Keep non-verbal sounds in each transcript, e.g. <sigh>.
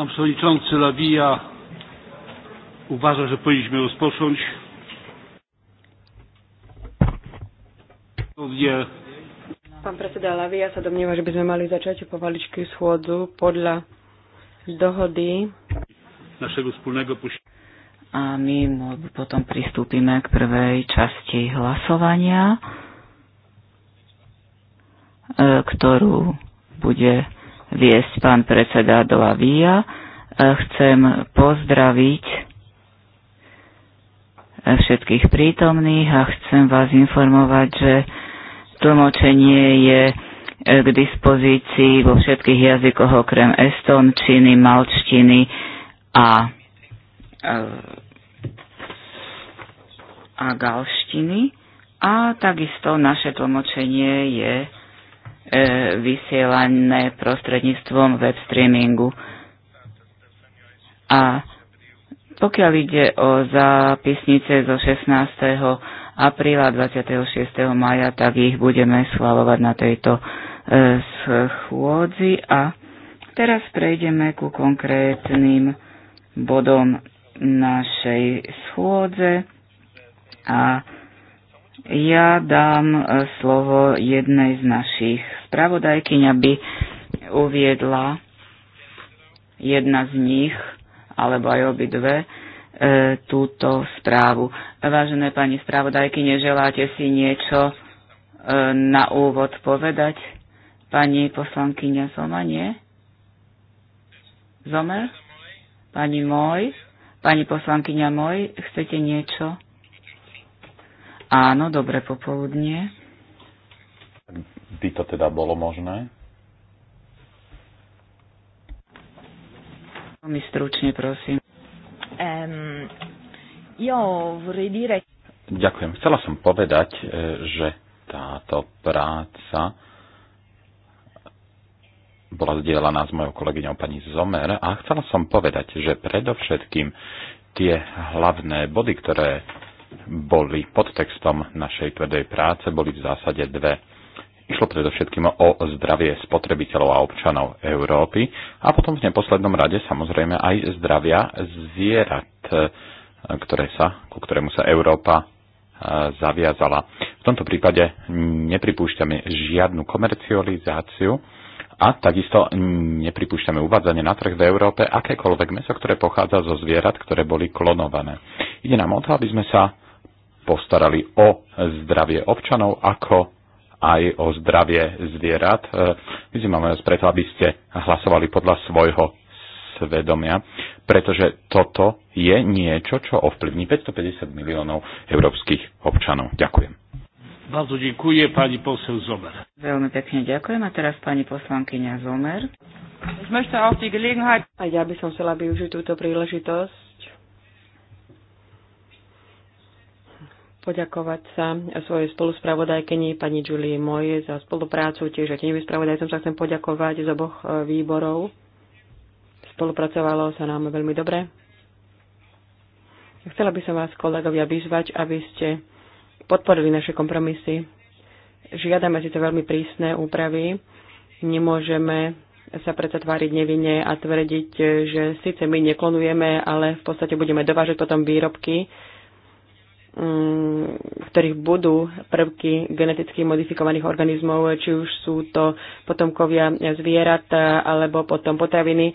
Pan przewodniczący Lawija uważa, że powinniśmy rozpocząć. Pán predseda Lavia sa domnieva, že by sme mali začať povaličky schôdzu podľa dohody našeho spolného A my potom pristúpime k prvej časti hlasovania, e, ktorú bude viesť pán predseda Avia. E, chcem pozdraviť všetkých prítomných a chcem vás informovať, že tlmočenie je e, k dispozícii vo všetkých jazykoch okrem estončiny, malčtiny a, a, e, a galštiny. A takisto naše tlmočenie je E, vysielané prostredníctvom web streamingu. A pokiaľ ide o zápisnice zo 16. apríla 26. maja, tak ich budeme schvalovať na tejto e, schôdzi. A teraz prejdeme ku konkrétnym bodom našej schôdze. A ja dám e, slovo jednej z našich spravodajkyň, aby uviedla jedna z nich, alebo aj obidve, e, túto správu. Vážené pani spravodajky, neželáte si niečo e, na úvod povedať? Pani poslankyňa Zoma, nie? Zomer? Pani môj? Pani poslankyňa môj, chcete niečo? Áno, dobre popoludnie. By to teda bolo možné? Veľmi stručne, prosím. Um, jo, dire... Ďakujem. Chcela som povedať, e, že táto práca bola zdieľaná s mojou kolegyňou pani Zomer a chcela som povedať, že predovšetkým tie hlavné body, ktoré boli podtextom našej tvrdej práce, boli v zásade dve. Išlo predovšetkým o zdravie spotrebiteľov a občanov Európy a potom v neposlednom rade samozrejme aj zdravia zvierat, eh, ktoré sa, ku ktorému sa Európa eh, zaviazala. V tomto prípade nepripúšťame žiadnu komercializáciu a takisto nepripúšťame uvádzanie na trh v Európe akékoľvek meso, ktoré pochádza zo zvierat, ktoré boli klonované. Ide nám o to, aby sme sa postarali o zdravie občanov, ako aj o zdravie zvierat. Vyzývam e, vás preto, aby ste hlasovali podľa svojho svedomia, pretože toto je niečo, čo ovplyvní 550 miliónov európskych občanov. Ďakujem. Bardzo dziękuję pani poseł Zomer. Veľmi pekne ďakujem. A teraz pani poslankyňa Zomer. Ja by som chcela využiť túto príležitosť poďakovať sa svojej spoluspravodajkeni pani Julie Moje za spoluprácu, tiež aj tenevým spravodajcom sa chcem poďakovať z oboch e, výborov. Spolupracovalo sa nám veľmi dobre. Chcela by som vás, kolegovia, vyzvať, aby ste podporili naše kompromisy. Žiadame si to veľmi prísne úpravy. Nemôžeme sa predsa tváriť nevinne a tvrdiť, že síce my neklonujeme, ale v podstate budeme dovážať potom výrobky, v ktorých budú prvky geneticky modifikovaných organizmov, či už sú to potomkovia zvierat e, alebo potom potraviny e,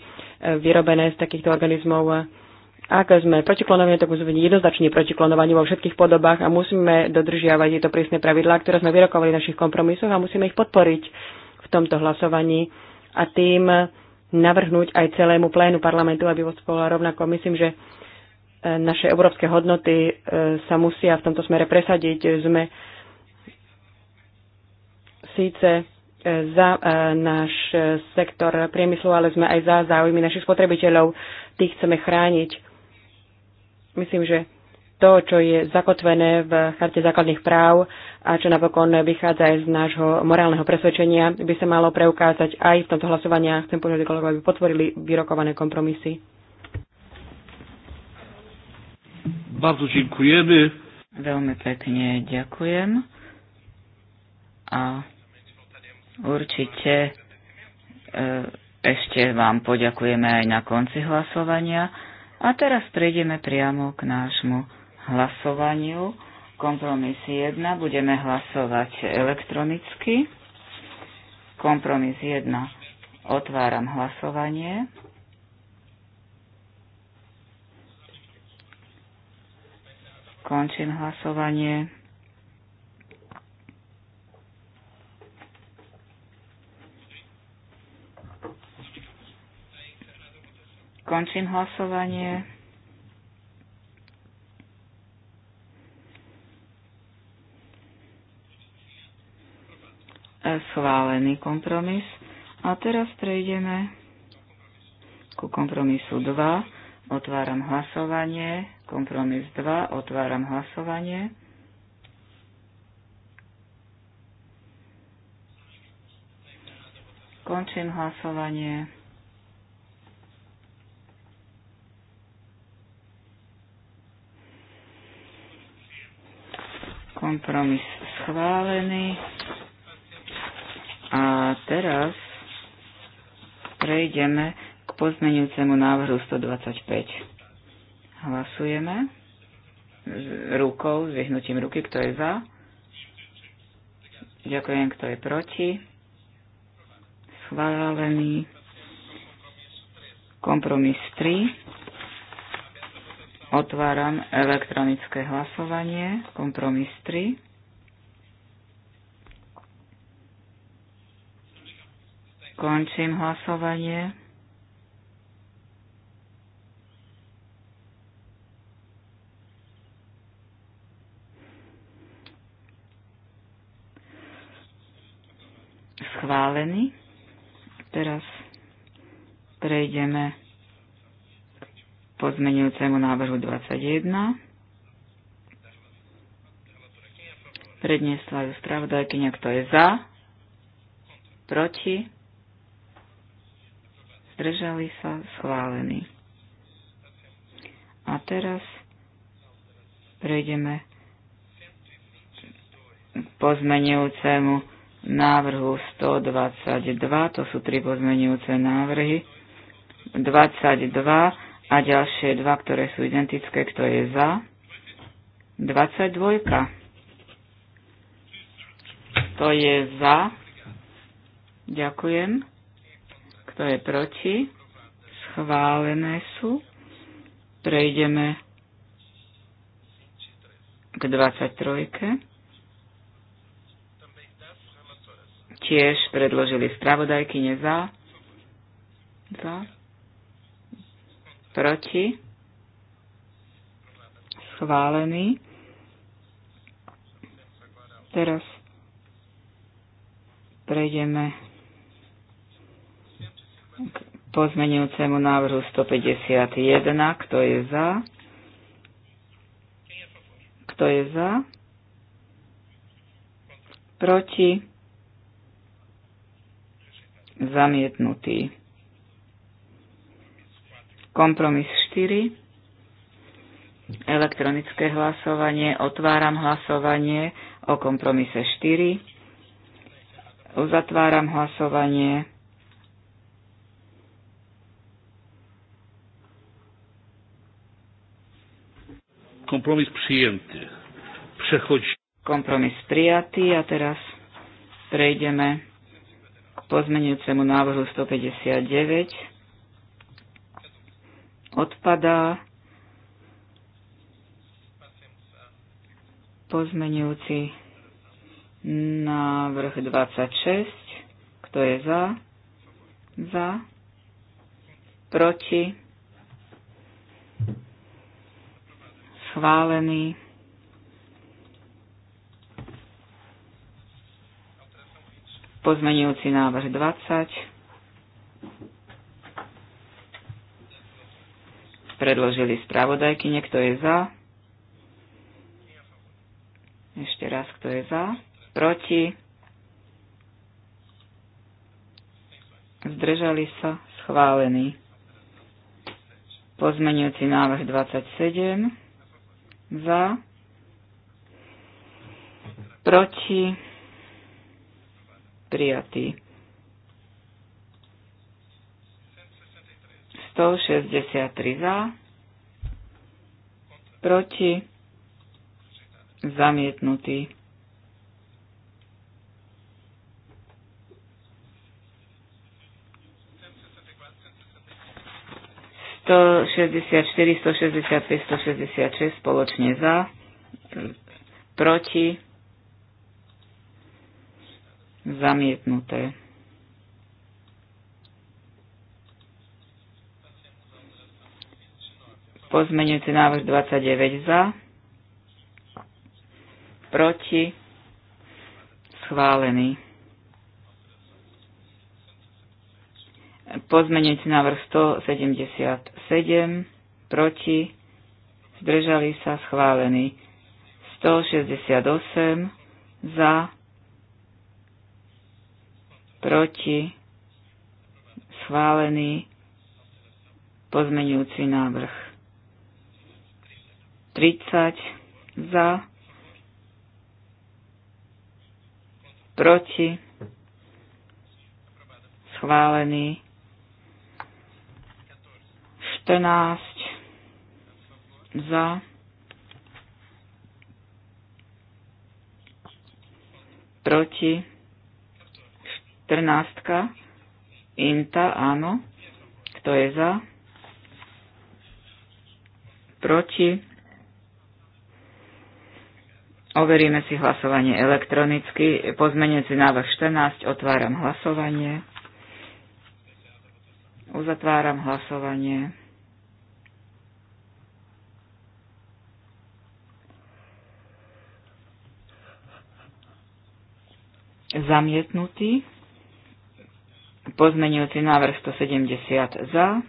vyrobené z takýchto organizmov. Ak sme protiklonovaní, tak musíme byť jednoznačne protiklonovaní vo všetkých podobách a musíme dodržiavať tieto prísne pravidlá, ktoré sme vyrokovali v našich kompromisoch a musíme ich podporiť v tomto hlasovaní a tým navrhnúť aj celému plénu parlamentu, aby vo rovnako. Myslím, že E, naše európske hodnoty e, sa musia v tomto smere presadiť. Sme síce e, za náš sektor priemyslu, ale sme aj za záujmy našich spotrebiteľov. Tých chceme chrániť. Myslím, že to, čo je zakotvené v charte základných práv a čo napokon vychádza aj z nášho morálneho presvedčenia, by sa malo preukázať aj v tomto hlasovaní. Chcem požiadať kolegov, aby potvorili vyrokované kompromisy. Bardzo dziękujemy. Veľmi pekne ďakujem. A určite e, ešte vám poďakujeme aj na konci hlasovania. A teraz prejdeme priamo k nášmu hlasovaniu. Kompromis 1 budeme hlasovať elektronicky. Kompromis 1. Otváram hlasovanie. Končím hlasovanie. Končím hlasovanie. E, schválený kompromis. A teraz prejdeme ku kompromisu 2. Otváram hlasovanie. Kompromis 2. Otváram hlasovanie. Končím hlasovanie. kompromis schválený. A teraz prejdeme k pozmenujúcemu návrhu 125. Hlasujeme rukou, zvihnutím ruky, kto je za. Ďakujem, kto je proti. Schválený. Kompromis 3. Otváram elektronické hlasovanie. Kompromis 3. Končím hlasovanie. schválený. Teraz prejdeme k pozmenujúcemu návrhu 21. Predniesla ju spravodajkyňa, kto je za, proti, zdržali sa, schválení. A teraz prejdeme k pozmenujúcemu návrhu 122, to sú tri pozmenujúce návrhy, 22 a ďalšie dva, ktoré sú identické, kto je za, 22. Kto je za? Ďakujem. Kto je proti? Schválené sú. Prejdeme k 23. tiež predložili spravodajky za, za, proti, schválený. Teraz prejdeme k pozmenujúcemu návrhu 151. Kto je za? Kto je za? Proti? zamietnutý. Kompromis 4. Elektronické hlasovanie. Otváram hlasovanie o kompromise 4. Uzatváram hlasovanie. Kompromis prijatý. Przechodzi. Kompromis prijatý a teraz prejdeme pozmenujúcemu návrhu 159 odpadá pozmenujúci návrh 26. Kto je za? Za. Proti. Schválený. Pozmenujúci návrh 20. Predložili spravodajky. Niekto je za? Ešte raz, kto je za? Proti? Zdržali sa? Schválený. Pozmenujúci návrh 27. Za. Proti prijatý. 163 za, proti, zamietnutý. To 64, 165, 166 spoločne za, proti, Zamietnuté. Pozmenujúci návrh 29 za. Proti. Schválený. Pozmenujúci návrh 177. Proti. Zdržali sa. Schválený. 168 za, proti, schválený pozmenujúci návrh. 30 za, proti, schválený 14 za, proti, trnástka, Inta, áno. Kto je za? Proti? Overíme si hlasovanie elektronicky. si návrh 14. Otváram hlasovanie. Uzatváram hlasovanie. Zamietnutý. Pozmenujúci návrh 170 za,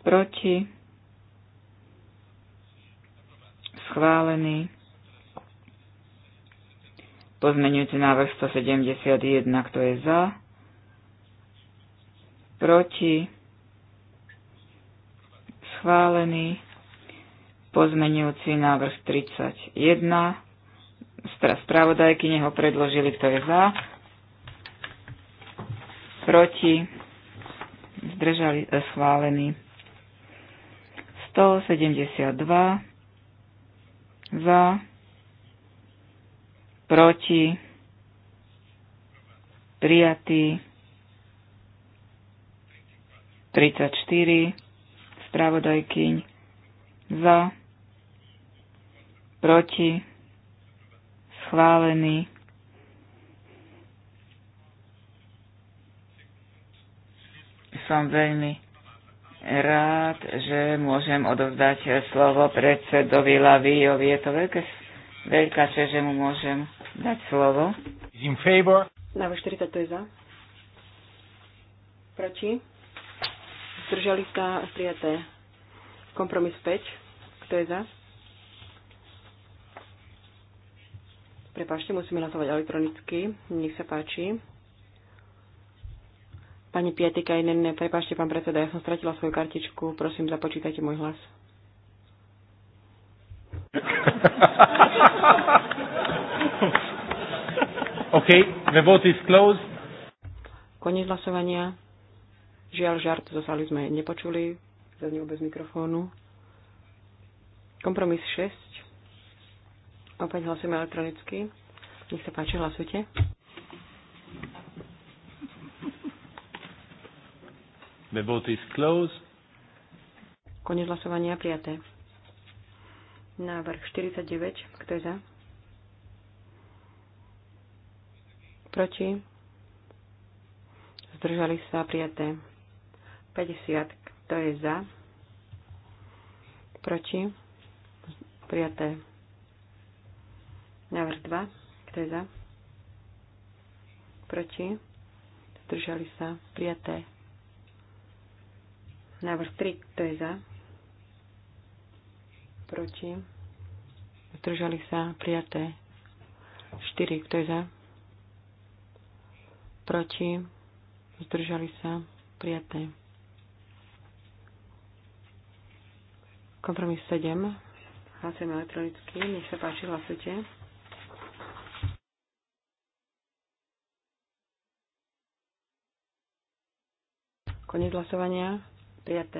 proti, schválený. Pozmenujúci návrh 171, kto je za, proti, schválený. Pozmenujúci návrh 31, spravodajky neho predložili, kto je za, proti, zdržali e, schválený. 172 za, proti, prijatý, 34, spravodajkyň, za, proti, schválený, som veľmi rád, že môžem odovzdať slovo predsedovi Lavíjovi. Je to veľké, veľká čest, že mu môžem dať slovo. In favor. Návrh 40 to je za. Proti. Zdržali sa prijaté. Kompromis 5. Kto je za? Prepašte, musíme hlasovať elektronicky. Nech sa páči. Pani ne, prepášte pán predseda, ja som stratila svoju kartičku. Prosím, započítajte môj hlas. <laughs> OK, the vote is closed. Koniec hlasovania. Žiaľ, žart zo sály sme nepočuli. Zaznel bez mikrofónu. Kompromis 6. Opäť hlasujeme elektronicky. Nech sa páči, hlasujte. The vote is closed. Konec hlasovania prijaté. Návrh 49. Kto je za? Proti? Zdržali sa prijaté. 50. Kto je za? Proti? Prijaté. Návrh 2. Kto je za? Proti? Zdržali sa prijaté. Návrh 3, kto je za? Proti? Zdržali sa prijaté. 4, kto je za? Proti? Zdržali sa prijaté. Kompromis 7. Hlasujeme elektronicky. Nech sa páči, hlasujte. Koniec hlasovania. Prijaté.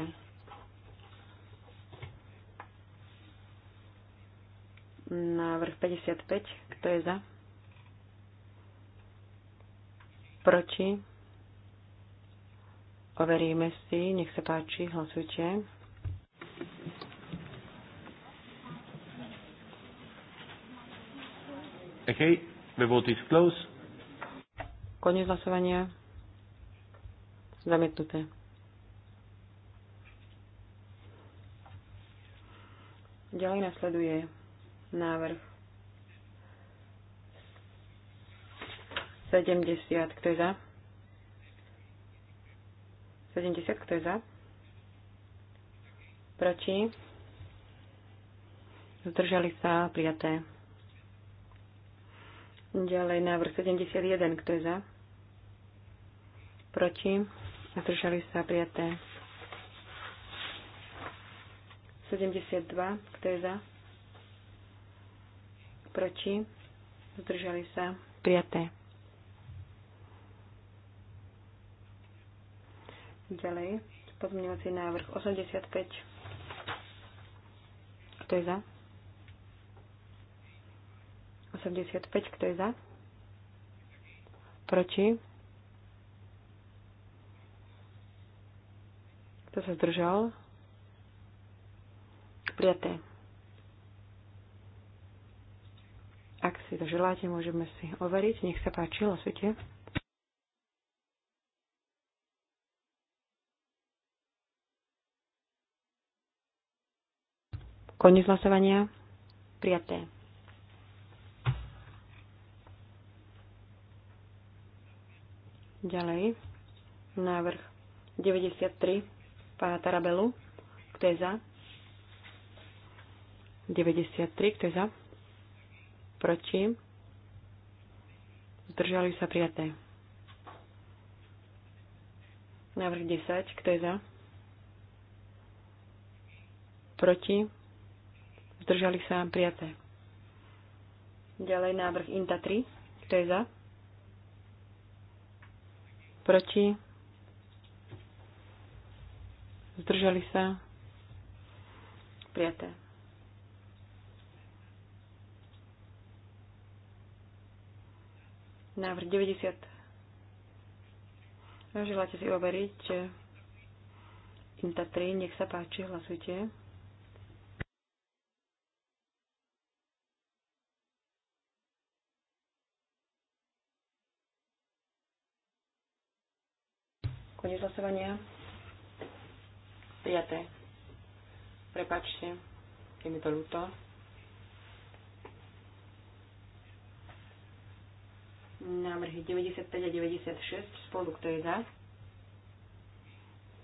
Návrh 55. Kto je za? Proti? Overíme si. Nech sa páči. Hlasujte. OK. the vote is closed. Konec hlasovania. Zamietnuté. Ďalej nasleduje návrh 70, kto je za? 70, kto je za? Proti? Zdržali sa prijaté. Ďalej návrh 71, kto je za? Proti? Zdržali sa prijaté. 72, kto je za? Proti? Zdržali sa? Prijaté. Ďalej, pozmeňovací návrh 85. Kto je za? 85, kto je za? Proti? Kto sa zdržal? prijaté. Ak si to želáte, môžeme si overiť. Nech sa páči, hlasujte. Koniec hlasovania. Prijaté. Ďalej. Návrh 93 pána Tarabelu. Kto je za? 93, kto je za? Proti? Zdržali sa prijaté. Návrh 10, kto je za? Proti? Zdržali sa prijaté. Ďalej návrh INTA 3, kto je za? Proti? Zdržali sa prijaté. Návrh 90. Želáte si overiť eh, INTA 3. Nech sa páči, hlasujte. Konec hlasovania. Prijaté. Prepačte, je mi to ľúto. návrhy 95 a 96 spolu, kto je za?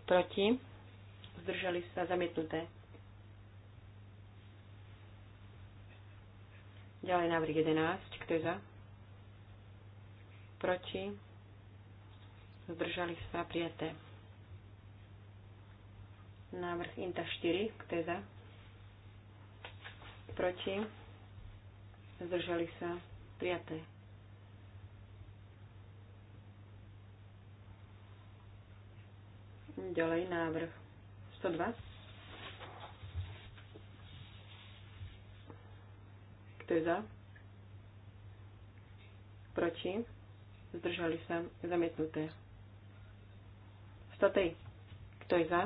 Proti? Zdržali sa zamietnuté. Ďalej návrh 11, kto je za? Proti? Zdržali sa prijaté. Návrh INTA 4, kto je za? Proti? Zdržali sa prijaté. Ďalej návrh 102. Kto je za? Proti? Zdržali sa? Zamietnuté. 103. Kto je za?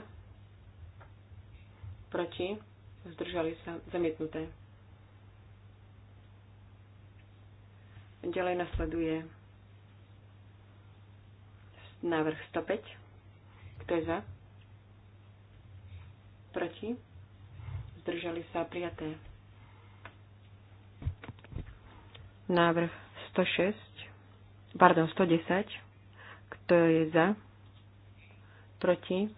Proti? Zdržali sa? Zamietnuté. Ďalej nasleduje návrh 105. Kto je za? Proti? Zdržali sa prijaté. Návrh 106, pardon, 110. Kto je za? Proti?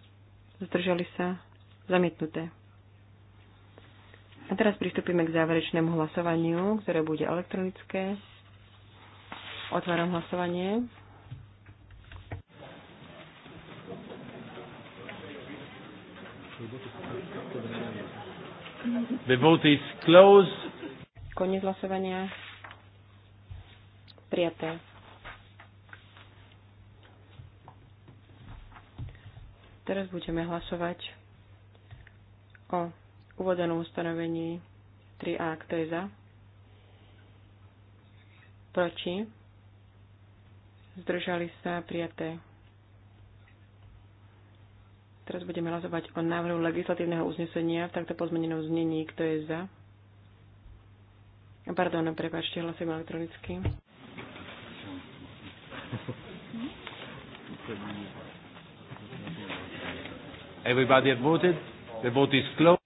Zdržali sa? Zamietnuté. A teraz pristúpime k záverečnému hlasovaniu, ktoré bude elektronické. Otváram hlasovanie. The vote is closed. Koniec hlasovania. Prijaté. Teraz budeme hlasovať o uvedenom ustanovení 3a. Kto je za? Proti? Zdržali sa prijaté. Teraz budeme hlasovať o návrhu legislatívneho uznesenia v takto pozmenenom znení. Kto je za? Pardon, prepáčte, hlasujem elektronicky. Everybody had voted. The vote is closed.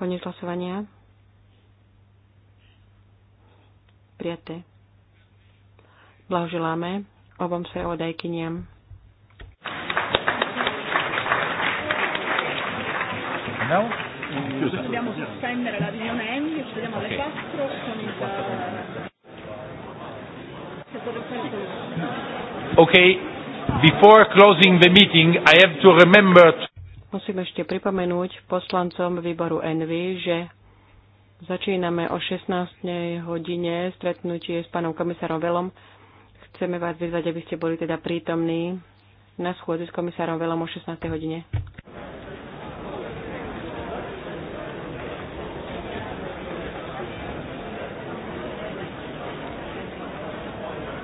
Koniec hlasovania. Prijaté. Blahoželáme obom odajkyniam. No? Chiusa. Dobbiamo sospendere la riunione Envy, ci vediamo alle 4 con il... Eh, okay, before closing the meeting, I have to remember... To... Musím ešte pripomenúť poslancom výboru NV, že začíname o 16. hodine stretnutie s pánom komisárom Velom. Chceme vás vyzvať, aby ste boli teda prítomní na schôdzi s komisárom Velom o 16. hodine.